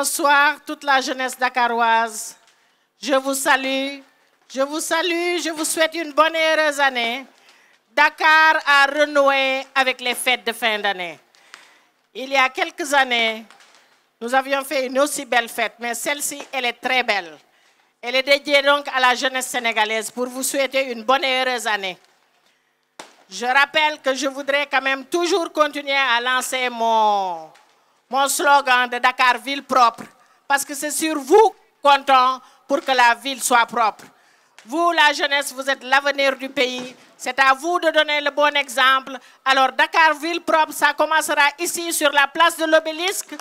Bonsoir, toute la jeunesse dakaroise. Je vous salue. Je vous salue. Je vous souhaite une bonne et heureuse année. Dakar a renoué avec les fêtes de fin d'année. Il y a quelques années, nous avions fait une aussi belle fête, mais celle-ci, elle est très belle. Elle est dédiée donc à la jeunesse sénégalaise pour vous souhaiter une bonne et heureuse année. Je rappelle que je voudrais quand même toujours continuer à lancer mon, mon slogan de Dakar Ville propre, parce que c'est sur vous qu'on comptons pour que la ville soit propre. Vous, la jeunesse, vous êtes l'avenir du pays. C'est à vous de donner le bon exemple. Alors, Dakar Ville propre, ça commencera ici, sur la place de l'obélisque.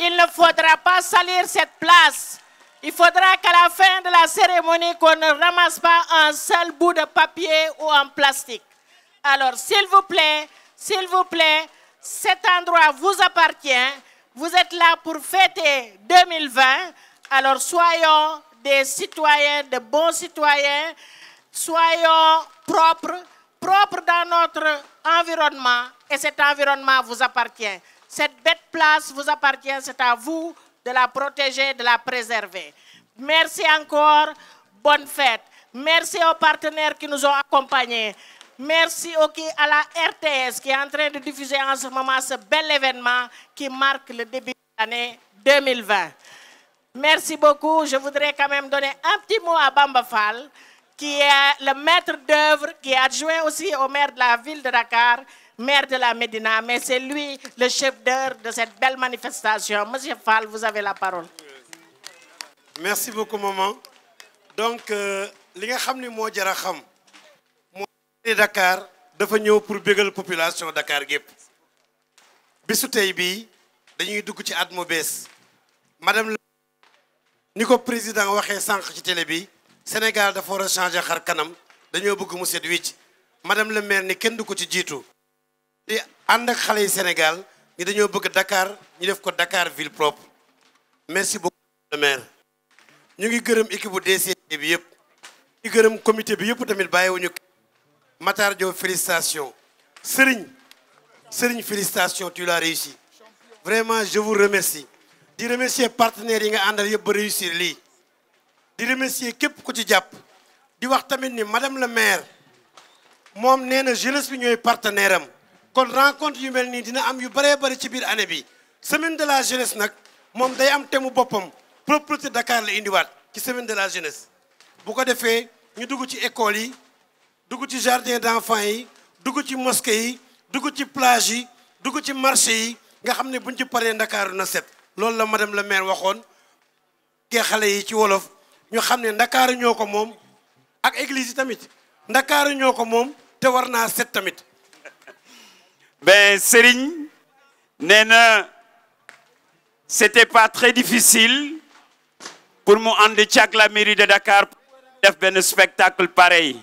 Il ne faudra pas salir cette place. Il faudra qu'à la fin de la cérémonie, qu'on ne ramasse pas un seul bout de papier ou en plastique. Alors, s'il vous plaît, s'il vous plaît, cet endroit vous appartient. Vous êtes là pour fêter 2020. Alors soyons des citoyens, de bons citoyens. Soyons propres, propres dans notre environnement. Et cet environnement vous appartient. Cette belle place vous appartient. C'est à vous de la protéger, de la préserver. Merci encore. Bonne fête. Merci aux partenaires qui nous ont accompagnés. Merci aussi à la RTS qui est en train de diffuser en ce moment ce bel événement qui marque le début de l'année 2020. Merci beaucoup. Je voudrais quand même donner un petit mot à Bamba Fall, qui est le maître d'œuvre, qui est adjoint aussi au maire de la ville de Dakar, maire de la Médina, mais c'est lui le chef d'œuvre de cette belle manifestation. Monsieur Fall, vous avez la parole. Merci beaucoup, maman. Donc, ce que vous savez, de Dakar dafa ñëw pour bégal population Dakar gépp bisu tey bii dañuy dugg ci at mu bees madame ni ko président waxee sànq ci tele bi Sénégal dafa war a changer xar kanam dañoo bëgg mu set wicc madame le maire ni kenn du ko ci jiitu di ànd ak xale yi Sénégal ñi dañoo bëgg Dakar ñu def ko Dakar ville propre merci beaucoup le maire ñu ngi gërëm équipe bu DCT bi yëpp ñu gërëm comité bi yëpp tamit bàyyiwuñu Matar Diop félicitations Serigne Serigne félicitations tu l'as réussi vraiment je vous remercie di remercier partenaires yi nga àndal yëpp réussir lii di remercier képp ku ci jàpp di wax ni madame le maire moom nee jeunesse bi ñooy partenaire am kon rencontre yu mel nii dina am yu bëree bëri ci biir bi semaine de la jeunesse nak, mom day am temu bopam. boppam de Dakar la indiwaat ci semaine de la jeunesse bu ko faits ñu dugg ci école yi dugg ci jardin d'enfants yi dugg ci mosquée yi dugg ci plage yi dugg ci marché yi nga xam ne buñ ci paree Dakar na set loolu la madame le maire waxoon kee xale yi ci wolof ñu xam ne ndakaaru ñoo ko moom ak église yi tamit Dakar ñoo ko moom te war naa set tamit ben Serigne nee na c'était pas très difficile pour mu ànd ci ak la mairie de Dakar def benn spectacle pareil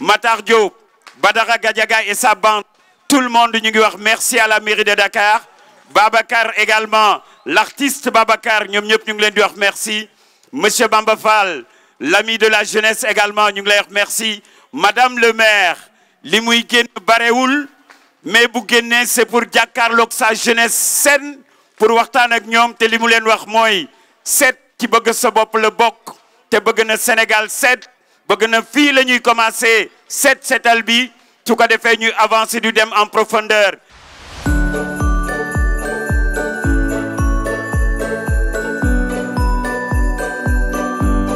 Matar Diop Badara Gadiaga et sa bande tout le monde nous ngi merci à la mairie de Dakar Babacar également l'artiste Babacar nous ñëpp ñu merci monsieur Bambafal, l'ami de la jeunesse également nous ngi merci madame le maire li Baréoul, mes mais bu c'est pour Dakar, sa jeunesse saine pour Wartan ak ñoom te li mu qui wax mooy seet ci bëgg sa Sénégal 7 bëgn nous avons commencé 7 7 albis, tout cas defé ñuy avancer du dem en profondeur